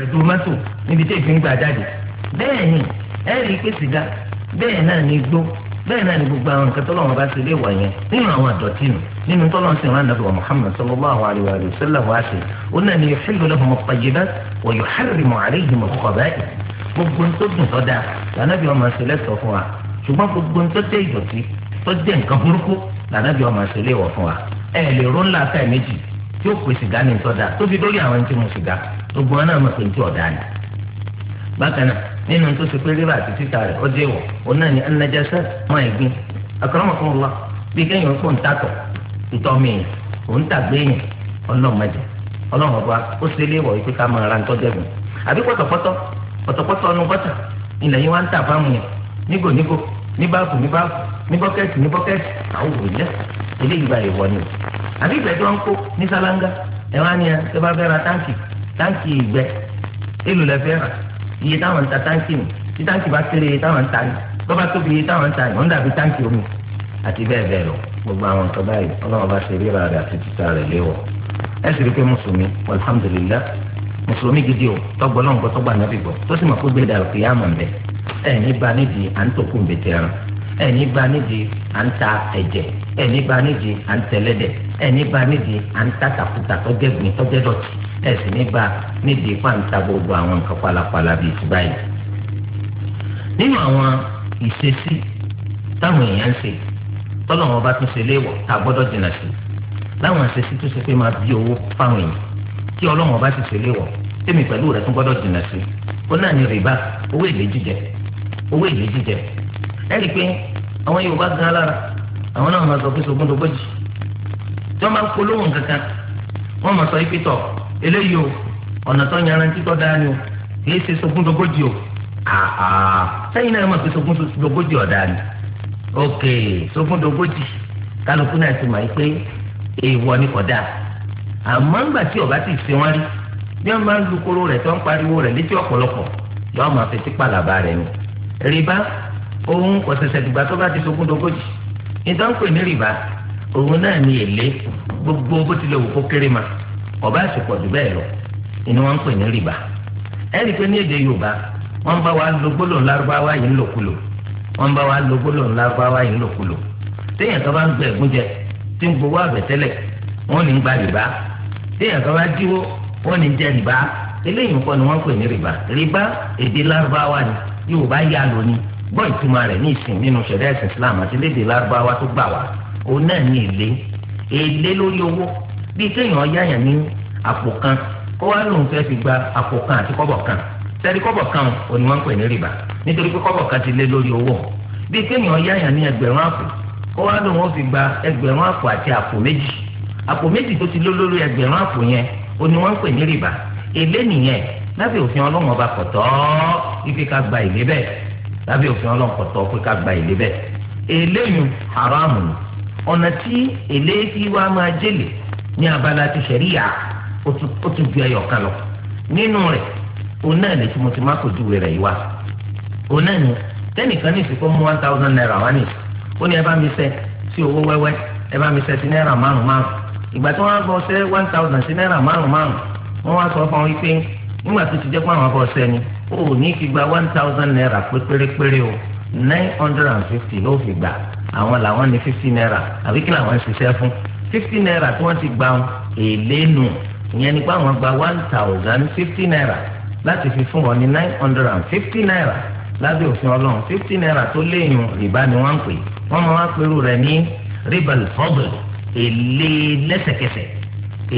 ẹ̀dù mọ́tò níbi tí èéfín gbà jáde bẹ́ẹ̀ ni ẹ rí i pé sìgá bẹ́ẹ̀ náà ni igbó bẹ́ẹ̀ náà ni gbogbo àwọn nǹkan tọ́lọ́wọ́n bá ṣe lé wọ̀ yẹn nínú àwọn àdọ̀tí nù nínú tọ́lọ́wọ́n sì rán nàbẹ̀wò Muhammad sallallahu alayhi wa sallam wa ṣe ó náà ni yuhillu lahumu at-tayyibat wa yuharrimu alayhimu al-khaba'ith gbogbo tó dùn tó dáa lànàbí ọmọ ìṣẹ̀lẹ̀ sọ fún wa ṣùgbọ́n gbogbo tó jẹ́ ìdọ̀tí tó jẹ́ nǹkan burúkú lànàbí ọmọ ìṣẹ̀lẹ̀ wọ̀ fún wa ẹ lè rún gbogbo wọn náà mọ̀ pé anya. ti ni bákan náà nínú tó ṣe pé rírà àti títà rẹ̀ ó dé wọ̀ ó náà ní ẹnẹjẹsẹ́ mọ́ ẹ̀gbin àkàràmọ̀kọ́ wa bí kéèyàn pọ̀ ń tàtọ̀ ìtọ́mi yẹn òun tàgbé yẹn ọlọ́mọdé ọlọ́mọba ó ṣe léwọ̀ wípé máa ra àbí pọ̀tọ̀pọ̀tọ̀ pọ̀tọ̀pọ̀tọ̀ ọ̀nù bọ́tà ilẹ̀ yìí wá ń tà táǹkì ìgbẹ́ èlò lẹ́fẹ́ rà iye táwọn ń ta táǹkì nù tí táǹkì bá kéré iye táwọn ń ta ni tó bá tóbi iye táwọn ń ta ni wọ́n dàbí táǹkì omi àti bẹ́ẹ̀ bẹ́ẹ̀ lọ gbogbo àwọn nǹkan báyìí ọlọ́run bá ṣe ríra rẹ̀ àti títà rẹ̀ léwọ̀ ẹ sì rí pé mùsùlùmí alhamdulilah mùsùlùmí gidi o tọgbọ náà gbọ tọgbà náà fi gbọ tó sì mọ kó gbé dàrú kìí àmọ̀ nbẹ ẹ ní ba nídìí à ń tòkù nbẹtẹ ẹran ẹ ní ba nídìí à ń ta ẹ̀jẹ̀ ẹ ní ba nídìí à ń tẹlẹ́dẹ̀ ẹ ní ba nídìí à ń ta tàkùtà tọ́jẹ́ gbìn tọ́jẹ́ dọ̀tí ẹ̀sìn níbà nídìí pàǹtà gbogbo àwọn nǹkan pálapàla bíi ti báyìí. nínú àwọn ìṣesí táwọn èèyàn ń ṣe tọ́lọ̀ wọn bá tún ṣe léèwọ̀ tá a gbọ́dọ̀ jìnnà sí láwọn ìṣesí tó ṣe pé máa bí owó fáwọn èèyàn kí ọlọ́wọ́n bá ti ṣe léèwọ̀ tèmi pẹ̀lú rẹ̀ tún gbọ́dọ̀ jìnnà sí ó náà ní rìbá owó èlé jíjẹ owó èlé jíjẹ ẹ pé àwọn Yorùbá gan lára àwọn náà máa sọ pé sogún dogójì tí wọ́n máa ń polówó nǹkan kan wọ́n máa sọ ipi eléyìí o ọ̀nà tó yanrantí tó dáa ni o kì í ṣe sogún dogójì o sẹ́yìn náà mọ̀ pé sogún dogójì ọ̀dà ni ok sogún dogójì kálukú náà ti mọ̀ yìí pé èèwọ̀ ni kò dáa àmọ́ ńgbà tí ọba ti ṣe wọ́n rí bí wọ́n máa ń lu koro rẹ̀ tó ń pariwo rẹ̀ létí ọ̀pọ̀lọpọ̀ yọ máa fi tipa làbá rẹ̀ ni rìbá òun kò ṣẹ̀ṣẹ̀ dìgbà tó bá ti sogún dogójì nítorí pé ní rìbá òun náà ni èlé gbogbo bó tilẹ̀ wò kó kéré ma ọba àsìkò jù bẹ́ẹ̀ lọ ni wọ́n ń pè ní rìbá ẹ̀rí pé ní èdè yorùbá wọ́n bá wa lo gbólóhùn lárúbáwá yìí ńlòkulò wọ́n bá wa lo gbólóhùn lárúbáwá yìí ńlòkulò téèyàn kan bá ń gbẹ ẹ̀gún jẹ tí ń gbowó àbẹ̀tẹ́lẹ̀ wọ́n ní ń gba rìbá téèyàn kan bá díwó wọ́n ní ń jẹ rìbá eléyìí nǹkan ni wọ́n pè ní rìbá rìbá èdè lárúbáwá ni yorùbá yà lónìí gbọ́ ìtumọ̀ rẹ̀ ní ìsìn nínú ṣẹ̀dá ẹ̀sìn bí kéèyàn yáyàn ní àpò kan kó wá lóun fẹ́ fi gba àpò kan àti kọ́bọ̀ kan sẹ́ni kọ́bọ̀ kan ò ní wọ́n ń pè ní rìbá nítorí pé kọ́bọ̀ kan ti lé lórí owó bí kéèyàn yáyàn ní ẹgbẹ̀rún àpò kó wá lóun ó fi gba ẹgbẹ̀rún àpò àti àpò méjì àpò méjì tó ti lé lórí ẹgbẹ̀rún àpò yẹn ò ní wọ́n ń pè ní rìbá èlé nìyẹn lábẹ́ òfin ọlọ́run ọba kọ̀tọ́ ife haramu ọ̀nà tí èlé fi wá máa jẹ́lẹ̀ ní abala ti ṣẹ̀ríyà ó ti ju ẹyọ kan lọ nínú rẹ̀ òun náà lè fi mo ti má kò ju rẹ̀ yìí wá òun náà ni tẹ́nìkan ní ìsìnkú mú one thousand naira wá ní ó ní ẹ bá mi ṣẹ́ sí owó wẹ́wẹ́ ẹ bá mi ṣẹ́ sí náírà márùn márùn ìgbà tí wọ́n bọ́ ṣẹ́ one thousand sí náírà márùn márùn wọ́n wá sọ fún wọn pé nígbà tó ti jẹ́ pé àwọn bọ́ ṣẹ́ ni ó ní kí gba one thousand naira pé pérépéré o nine hundred and fifty ló fi gbà àwọn làwọn ní fifty naira àbí kí làwọn ṣiṣẹ́ fún fifty naira tí wọ́n ti gba èlé nù ìyẹn ni pé àwọn gba one thousand fifty naira láti fi fún wọn ní nine hundred and fifty naira lábẹ́ òfin ọlọ́run fifty naira tó léyìn rìbá ni wọ́n ń pè wọ́n máa wá pẹ̀lú rẹ̀ ní ribal fadl èlé lẹ́sẹ̀kẹsẹ̀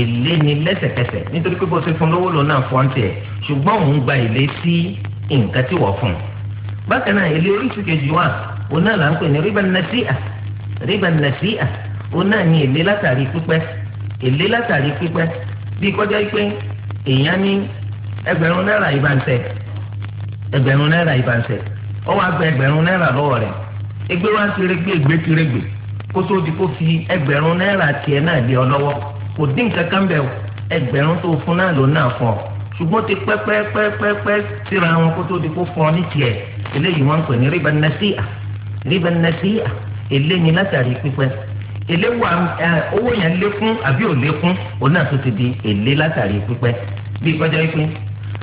èlé ni lẹ́sẹ̀kẹsẹ̀ nítorí pé bó ṣe fún lówó lòun náà fọ́n tiẹ̀ ṣùgbọ́n òun gba èlé sí nǹkan tí wọ́n fún un bákan náà èlé oríṣi kejì wà òun náà là ń pè ní ribal nasi'a ribal nasi'a òun náà ni èlé látàrí pípẹ́ èlé látàrí pípẹ́ bí kọjá pé èèyàn ní ẹgbẹ̀rún náírà ìbànsẹ̀ ẹgbẹ̀rún náírà ìbànsẹ̀ ó wá gba ẹgbẹ̀rún náírà lọ́wọ́ rẹ̀ ẹgbẹ́ wa ń tirégbé ẹgbẹ́ tirégbé kó tó di kó fi ẹgbẹ̀rún náírà tiẹ̀ náà lé ọ lọ́wọ́ kò dín nǹkan kan bẹ̀ ẹgbẹ̀rún tó fún náà ló náà fún ọ ṣùgbọ́n ti pẹ́pẹ́pẹ́pẹ́ síra wọn kó tó di kó fún ní tiẹ̀ eléyìí wọ́n ń pè ní rìbá nẹ́síà rìbá látàrí pípẹ́ èlé wà owó yẹn lékún àbí ò lékún òun náà tó ti di èlé látàrí pípẹ́ bí kọjá yìí pé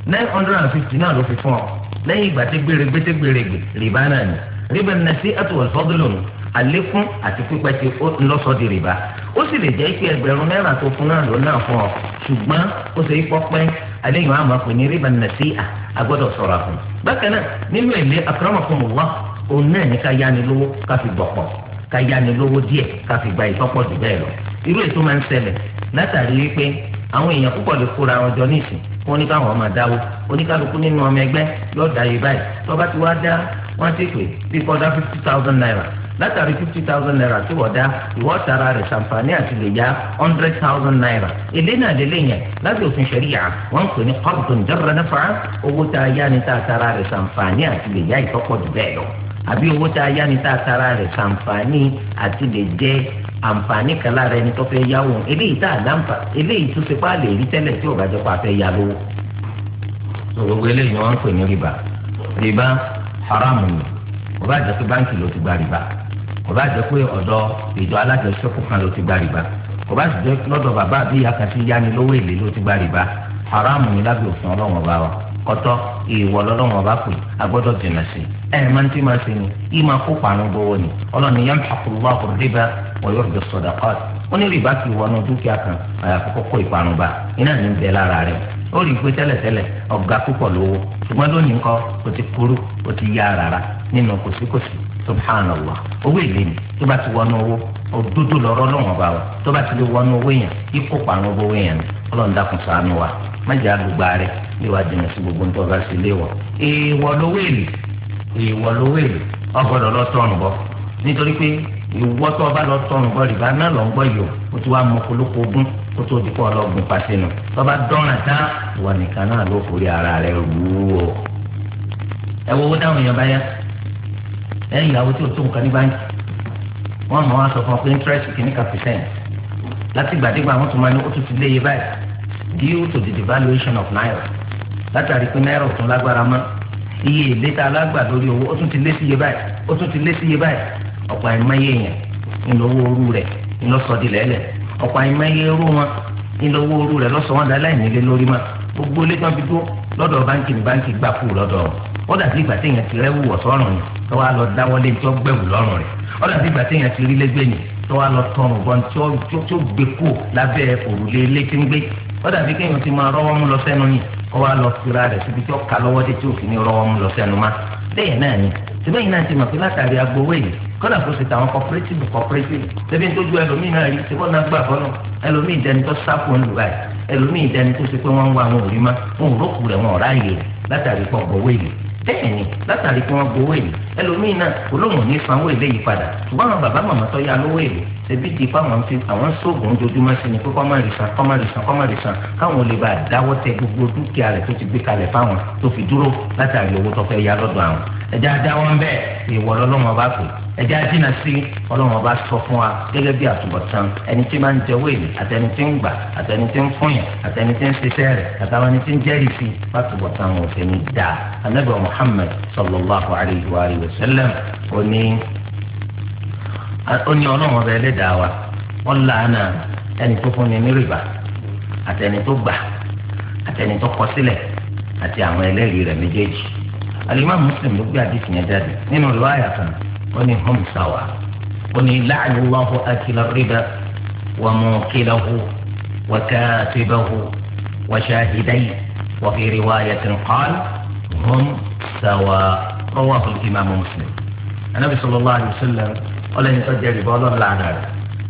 nine hundred and fifty náà ló fi fún ọ lẹ́yìn ìgbà tí gbèrègbè tí gbèrègbè rìbá náà ni rìbá náà sí àtúwọ̀ sọ́dúnlò nù àlékún àti pípẹ́ tí ó lọ́sọ̀ di rìbá ó sì lè jẹ́ pé ẹgbẹ̀rún náírà tó fún náà ló náà fún ọ ṣùgbọ́n ó ṣe é pọ́pẹ́ àléyìn àwọn àmọ́ pé ní rìbá náà sí àgbọ́dọ̀ sọ̀rọ̀ àfún bákan náà nínú èlé àkàràmọ̀kùnmọ̀ wá òun náà ní ká yáni lówó ká fi gbọ̀pọ̀ ká yáni lówó díẹ̀ ká fi gba ìtọ́pọ̀ jù bẹ́ẹ̀ lọ irú ètò máa ń ṣẹlẹ̀ látàrí wípé àwọn èèyàn púpọ̀ lè kóra wọn jọ nísìn wọn ní káwọn máa dáwó oníkálukú nínú ọmọ ẹgbẹ́ yóò dá yìí báyìí tọ́ba ti wá dá wọ́n ti pè bí kọ́dá fifty thousand naira látàrí fifty thousand naira tí wọ́n dá ìwọ́ tara rẹ̀ ṣàǹfààní àti lè yá hundred thousand naira èlé náà lélẹ̀ yẹn lábẹ́ òfin ṣẹ̀ríyà wọ́n ń pè ní kọ́bùtù ǹjọ́rọ̀ náfà owó tá a yá ni tá a tara rẹ̀ ṣàǹfààní àti lè yá ìtọ́pọ̀ jù bẹ́ẹ̀ lọ àbí owó tá a yá ni tá a tara rẹ̀ sàǹfààní àti lè jẹ́ àǹfààní kan lára ẹni tó fẹ́ yáwó eléyìí tá a láǹfà eléyìí tó ṣe pa lè rí tẹ́lẹ̀ tí ò bá jẹ́ pa fẹ́ yá lówó. gbogbo eléyìí ni wọ́n ń pè ní rìbá rìbá haramu ni kò bá jẹ́ pé báńkì ló ti gba rìbá kò bá jẹ́ pé ọ̀dọ̀ ìjọ alájọṣẹ́kù kan ló ti gba rìbá kò bá jẹ́ lọ́dọ̀ bàbá àbí kan ti yá ni lówó èlé ló ti gba rìbá haramu ni lábẹ́ òfin ọlọ́wọ́n bá wa kọ́tọ́ ìwọ lọ́lọ́run ọba pè agbọ́dọ̀ dènà sí ẹ ẹ máa ń tí máa ṣe ni yìí máa kó parun gbowó ni ọlọ́ni yẹn àkùrùbá àkùrùdébà wọ̀nyí ọ̀dọ̀ sọ̀dà kọ́ọ̀t ó ní rìbá kì í wọnú dúkìá kan àyàfi kókó ìparun bá iná ní bẹ lára rẹ ó rí i pé tẹ́lẹ̀tẹ́lẹ̀ ọ̀gá púpọ̀ lówó ṣùgbọ́n lónìí kọ́ ó ti kúrú ó ti yá rárá nínú kòsíkòsí subhanallah owó èlé ni tó bá ti wọnú owó òdodo lọ́rọ̀ lọ́wọ́n bá wa tó bá ti lè wọnú owó yẹn ikú pàánù owó yẹn ni ọlọ́run dákun ṣàánú wa májà àlùgbà rẹ níwà jìnnà sí gbogbo nítorí ọba sí léwọ. èèwọ̀ lówó èlé èèwọ̀ lówó èlé ọgbọ́dọ̀ lọ tọrùn bọ nítorí pé ìwọ tó ọba lọ tọrùn bọ rìbá náà lọ ń gbọ́ yìí o ti wá mọ kólókó ogún kó tó di pọ̀ ọlọ́gun pàṣẹ nù tọ́ba dọ́ràn tán ìwọ nìkan náà ló forí ara rẹ rú o. ẹ wo dáhùn yẹn báyà ẹ̀yìn ìyàwó tí o tó nǹkan ní báńkì wọ́n mọ̀ wá fún ọ pé interest kìíní kan percent láti gbàdégbà wọ́n tún máa ní ó tún báyìí due to the devaluation of naira látàrí pé náírà tún lágbára mọ́ iye èlé tá a lágbà lórí owó ó tún ti lé sí iye báyìí ó tún ti sí iye báyìí ọ̀pọ̀ àìmọye èèyàn ó dàbí ìgbà téèyàn ti rẹ́wù wọ̀ sọ́rùn ni tó wá lọ dáwọ́ lé tí gbẹ̀wù lọ́rùn rẹ̀ ó dàbí ìgbà téèyàn ti rí lẹ́gbẹ̀ẹ́ ni tó wá lọ tọrùn bọ́n tí ó gbé kó lábẹ́ òrùlé ilé tí ń gbé ó dàbí kéèyàn ti máa rọ́wọ́ mú lọ sẹ́nu ni ó wá lọ fira rẹ̀ síbi tí ka lọ́wọ́ dé tí ó fi ní rọ́wọ́ mú lọ sẹ́nu má bẹ́ẹ̀ náà ni síbẹ̀yìn náà ti mọ̀ pé látàrí agbowó èyí kọ́dà kó ṣe tàwọn cooperative cooperative ṣẹ́bi tó ju ẹlòmíì náà rí ṣẹ́bi ọ̀nà gbà fọ́nà ẹlòmíì dẹni tó sáfù ń lù báyìí ẹlòmíì dẹni tó ṣe pé wọ́n ń wá wọn ò wọn ò rókù rẹ̀ wọn ò ráàyè látàrí pọ̀ gbowó èyí bẹ́ẹ̀ni látàrí kí wọn gbowó èlé ẹlòmíín náà olóhùn ní sanwó èlé yìí padà ṣùgbọ́n àwọn bàbá màmá tó yá lówó èlé ṣebí di pa àwọn fi àwọn sóògùn ojoojúmọ́ sí ni pé kọ́ má rí san kọ́ má rí san kọ́ má rí san káwọn lè bá dáwọ́ tẹ gbogbo dúkìá rẹ̀ tó ti gbé kalẹ̀ fáwọn tó fi dúró látàrí owó tó fẹ́ yá lọ́dọ̀ àwọn ẹ̀dá dáwọ́ ń bẹ́ẹ̀ ìwọ lọ́lọ́mọ bá pè ẹjẹ́ àjìnà sí ọlọ́mọ bá sọ fún wa gẹ́gẹ́ bí àtúbọ̀tán ẹni tí máa ń jẹ́wọ́ èlé àtẹni tí ń gbà àtẹni tí ń fúnyàn àtẹni tí ń ṣiṣẹ́ rẹ̀ àtàwọn ẹni tí ń jẹ́rìí sí àtúbọ̀tán wọn fẹ́ ní dáa anabi muhammed sallallahu alayhi wa sallam ó ní ọlọ́mọ bá ẹlẹ́dàá wa wọ́n làánà ẹni tó fún ni ní rìbá àtẹni tó gbà àtẹni tó kọ àti àwọn ẹlẹ́rìí rẹ̀ méjèèjì alimami muslim ló gbé àdìsí yẹn jáde nínú ìlú àyà kan ó ní hum sawa ó ní la'ana Allahu akila riba wa mukilahu wa katibahu wa shahidayhi wa fi riwayatin qala hum sawa rawahu al-imam muslim anabi sallallahu alayhi wa sallam ọlọ́ni tó jẹ́ rìbá ọlọ́run làánà rẹ̀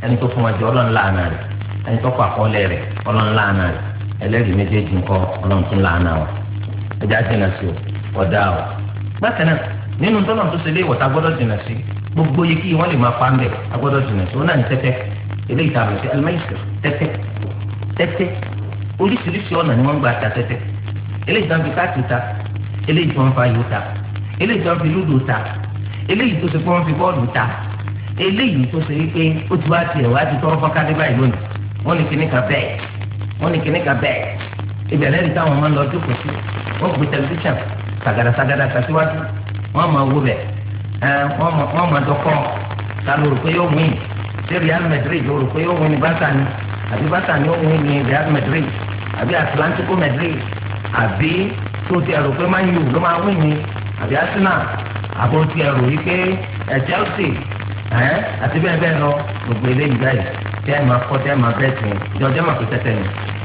ẹni tó fún wa jẹ́ ọlọ́run làánà rẹ̀ ẹni tó kọ àkọọ́lẹ̀ rẹ̀ ọlọ́run làánà rẹ̀ ẹlẹ́rìí méjèèjì ńkọ́ ọlọ́run tún làánà wa ẹjẹ́ àti ẹ̀nà o ọ̀dà o bákan náà nínú tọ́nà tó ṣe lé ìwọ̀ta gbọ́dọ̀ jìnnà sí gbogbo yìí kí wọ́n lè máa pa ń bẹ̀ agbọ́dọ̀ jìnnà sí wọn náà ní tẹ́tẹ́ eléyìí tá a mọ̀ sí alimẹ́sì tẹ́tẹ́ tẹ́tẹ́ oríṣiríṣi ọ̀nà ni wọ́n ń gba ta tẹ́tẹ́ eléyìí tó ń fi káàtì ta eléyìí tó ń fa ayò ta eléyìí tó ń fi lúdò ta eléyìí tó ṣe pé wọ́n fi bọ́ọ̀lù ta eléyìí tó ṣe wípé ó ti wá tiẹ̀ wá ti tọrọ fọ́kadé báyìí lónìí wọ́n ní kíní kan bẹ́ẹ̀ wọ́n ní kíní kan bẹ́ẹ̀ ìbẹ̀rẹ̀ rí táwọn máa ń lọ jókòó sí sagada sagada tasiwaju wọn máa wo bẹ ẹ wọn máa dọkọ ta ló yóò win ṣé Real Madrid ló rò yóò win ní Barca ni àbí Barca ni yóò win ní Real Madrid àbí Atlantico Madrid àbí tó ti ẹrù pé Man U ló máa win ni àbí Arsenal àbò ti ẹrù yìí pé Chelsea ẹ àti bẹ́ẹ̀ bẹ́ẹ̀ lọ gbogbo eléyìí báyìí tẹ́ ẹ máa kọ́ tẹ́ ẹ máa bẹ́ẹ̀ sìn jọjọ́ máa fi tẹ́tẹ́ ni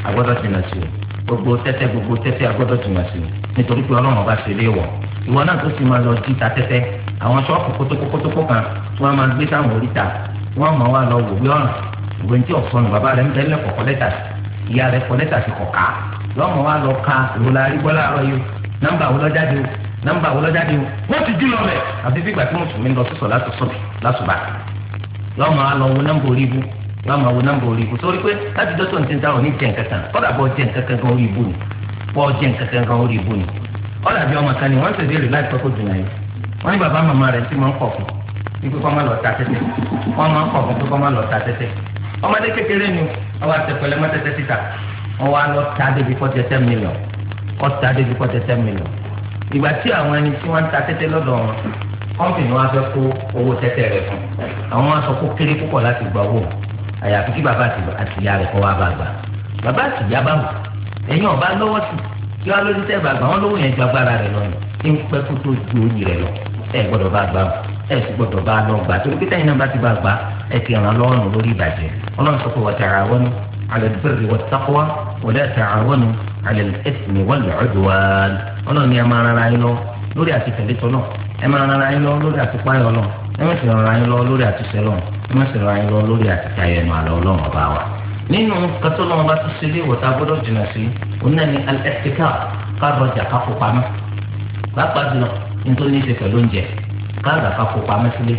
agbọ́dọ̀ tì náà sí gbogbo tẹ́tẹ́ gbogbo tẹ́tẹ́ agbọ́dọ̀ tì náà sí nítorí pé ọlọ́run ọba ṣe lé wọ̀ ìwọ náà tó sì máa lọ jí ta tẹ́tẹ́ àwọn ṣọ́ọ̀kù kótókótókó kan tí wọ́n máa gbé sáwọn oríta wọ́n máa wá lọ wò bí ọ̀ràn ìwé tí ọ̀sán bàbá rẹ̀ ń tẹ́lẹ̀ kọ̀kọ́ lẹ́tà ìyá rẹ̀ kọ lẹ́tà sí kọ̀ká lọ́mọ wa lọ ka ìwòlá arígbọ́ láàárọ̀ yìí nọ́mbà wo lọ́jáde o nọ́mbà wo lọ́jáde o wọ́n ti dín lọ bẹ̀ àfi bí gbàtí mùsùlùmí lọ sísọ láti sọ lásùbà lọ́mọ wa lọ wo nọ́mbà orí ibu lọ́mọ wo nọ́mbà orí ibu sórí pé láti dọ́tọ̀ ní ti ń ta òní jẹ̀ nǹkan kan kọ́dà bọ́ jẹ̀ nǹkan kan orí ibu ni pọ́ jẹ́ nǹkan kan kan ó rí ibú ni ọ̀làbí ọmọ kan ni wọ́n ń ṣe ìbéèrè láti pẹ́kọ̀ jù náà yìí wọ́n ní bàbá màmá rẹ̀ ti máa ń kọ̀ fún wípé kọ́ máa lọ ta tẹ́tẹ́ wọ́n máa ń kọ̀ fún pé kọ́ máa lọ ta tẹ́tẹ́ ọmọdé kékeré ni ọwọ́ àtẹ̀pẹ̀lẹ́ mọ́ tẹ́tẹ́ títà wọ́n wá lọ ta débi kọ́ tẹ́tẹ́ mílíọ̀n kọ́ ta débi kọ́ tẹ́tẹ́ mílíọ̀n ìgbà tí àwọn ẹni tí wọ́n ń ta tẹ́tẹ́ lọ́dọ̀ wọn kọ́mpìnì wa fẹ́ kó owó tẹ́tẹ́ rẹ̀ fún àwọn wọn sọ kó kéré púpọ̀ ẹ̀yin ọba lọ́wọ́ sí kí wọ́n lórí tẹ́gbà gbà wọ́n lówó yẹn ju agbára rẹ̀ lọ ní pẹ́ kó tó ju oyin rẹ̀ lọ ẹ gbọ́dọ̀ bá gbà ẹ sì gbọ́dọ̀ bá lọ gbà torí pé tẹ́yìn náà bá ti bá gbà ẹ ti ràn lọ́rùn lórí ìbàjẹ́ ọlọ́run sọ pé wa ta'awanu 'ala al-birri wat-taqwa wa la ta'awanu 'ala al-ithmi wal-'udwan ọlọ́run ẹ máa rárá yín lọ lórí àti tẹ̀lé tọ́lọ̀ ẹ máa rárá yín lọ lórí àti páyọ̀ lọ ẹ má sì rárá yín lọ lórí àti sẹ́lọ̀ ẹ má sì rárá yín lọ lórí àti tayẹnu àlọ́ ọlọ́run ọba wa nínú kátó lọ́wọ́ bá tún sílé ìwòsàn agbọ́dọ̀ jìnnà sí òun náà ní ẹ̀ẹ́dẹ́ká kárọ̀jà káfọ́ pamọ́ pàápàá jùlọ nítorí ní ìṣe pẹ̀lú oúnjẹ kárọ̀jà káfọ́ pamọ́ sílé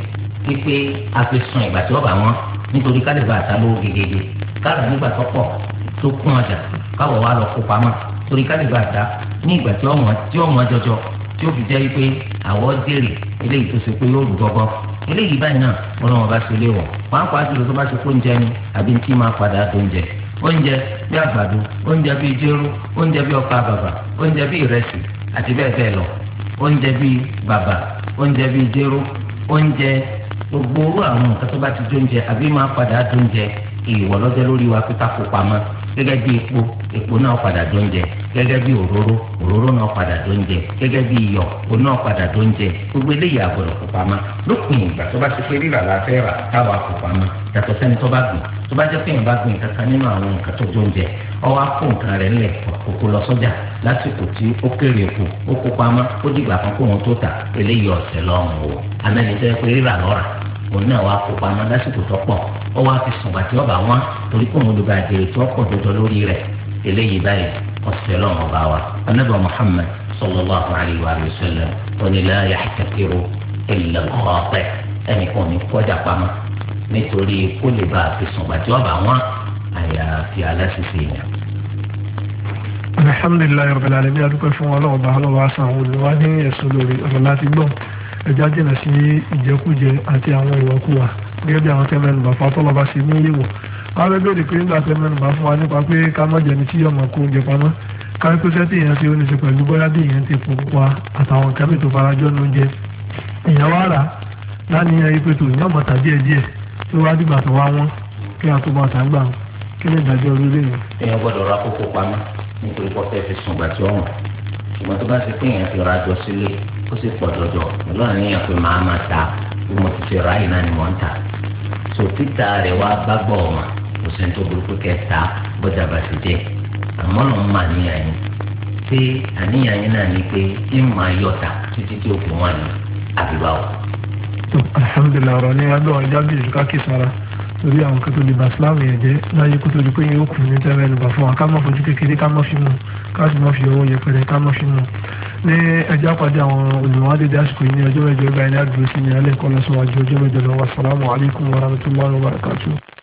wípé a fi sun ìgbà tí ọba wọn nítorí kálíbà àtàlówó gègègè kárọ̀ nígbà tó pọ̀ tó kún ọjà káwọ̀ wá lọ kó pamọ́ torí kálíbà àtà ní ìgbà tí ọmọ jọjọ tí ó fi jẹ́ wípé àwọ̀ eléyìí báyìí náà ọlọ́wọ́n bá ṣe léwọ̀ pàápàá jùlọ tó bá ṣe kóúnjẹ ni àbí tí máa padà dóúnjẹ oúnjẹ bí àgbàdo oúnjẹ bí jéró oúnjẹ bí ọkà bàbà oúnjẹ bí ìrẹsì àti bẹ́ẹ̀ bẹ́ẹ̀ lọ oúnjẹ bí bàbà oúnjẹ bí jéró oúnjẹ gbogbo orú àwọn nǹkan tó bá ti dóúnjẹ àbí máa padà dóúnjẹ ìwọ lọ́jọ́ lórí wa pé ká kó pamọ́ gẹ́gẹ́ bí epo epo náà padà dóúnjẹ gẹ́gẹ́ bí òróró òróró náà padà tó ń jẹ gẹ́gẹ́ bí iyọ̀ o náà padà tó ń jẹ gbogbo eléyìí àgbọ̀dọ̀ kó pamọ́ lópin ìgbà tó bá ti pé rírà la fẹ́ rà táwa kó pamọ́ yàtọ̀ sẹ́ni tó bá gbìn tó bá jẹ́ pé yẹn bá gbìn kankan nínú àwọn nǹkan tó tó ń jẹ ọwọ́ kó nǹkan rẹ̀ ńlẹ̀ kókó lọ sọ́jà lásìkò tí ó kéré kù ó kó pamọ́ ó dìgbà kan kó wọn tó tà eléyìí ọ̀sẹ̀ lọ́rùn o òun náà wàá kó pamọ́ lásìkò tó pọ̀ ó fi sùn bàtí ọba wọn torí kóun ló bá jèrè tó pọ̀ lórí rẹ̀ eléyìí báyìí ọ̀sẹ̀ lọ́wọ́ bá wa anábà muhammed sallallahu alayhi wa sallam onílà yàtàkìrò ilẹ̀ ọ̀pẹ ẹnì kan ní kọjá pamọ́ nítorí kó lè bá a fi sùn gbàtí wọ́n bá wọn àyàfi aláṣiṣe yẹn. alhamdulilayi rabbil alamin adúpẹ́ fún wa lọ́wọ́ bá lọ́wọ́ asan olùwà ní ẹ̀sùn lórí ọ̀rọ̀ láti gbọ́ ẹja jìnnà sí ìjẹkújẹ àti àwọn ìwàkuwà gẹ́gẹ́ bí àwọn tẹ́lẹ̀ nù bàbá tọ́lọ́ bá ṣe ní ìwọ̀ wọn bẹ bẹ̀rẹ̀ pé nígbà tẹ mẹ́rin máa fún wa nípa pé ká má jẹni tí yọmọ kó oúnjẹ pamọ́ kárí pé sẹ́tì èèyàn ti oníṣe pẹ̀lú bóyá bí èèyàn ti fò wá àtàwọn nǹkan mi tó farajọ́ ní oúnjẹ èèyàn wá rà láníyàn ipe tó ní ọmọ tà díẹ̀ díẹ̀ tó wá dìgbà tó wá wọn kí a tó bá tà gbà wọn kí ni ìdájọ́ orí lè yàn. èèyàn gbọ́dọ̀ ra kókó pamọ́ nítorí pọ́fẹ́ fi sùn gbà tí ọ̀hún ṣùgbọ́n tó bá ti pé èèyàn ti ra jọ sílé ó sì pọ̀ jọjọ lọ́nà èèyàn pé màá máa ta bí mo ti ti ra ìnáni mọ́ ń ta so títà rẹ̀ wá bá gbọ́ ọ̀hún sẹ́ni tó burúkú kẹta bọ́jà bá ti jẹ́ àmọ́ ló ń mà níyà yín pé àníyàn yín náà ni pé ń máa yọta títí tí ó fi wọ́n ní àbíwáwò. alhamdulilayi ọ̀rọ̀ ni adó ọjà bí ìsúká kì sára lórí àwọn kan tó lè bá síláàmù yẹn jẹ́ láyé kó tó di pé yóò kù ní tẹ́lẹ̀ lùgbà fún wa ká má fojú kékeré ká má fi mú ká sì má fi owó yẹpẹrẹ ká má fi mú ní ẹjọ́ àpàdé àwọn olùwádìí dásìkò yìí ní ọjọ́ mẹ́jọ ìgbà ní àdúró sí ní alẹ́ kọ́ lọ́sọ̀wájú ọjọ́ mẹ́jọ lọ́wọ́ assalamu alaikum warahmatullahi wabarakatuh.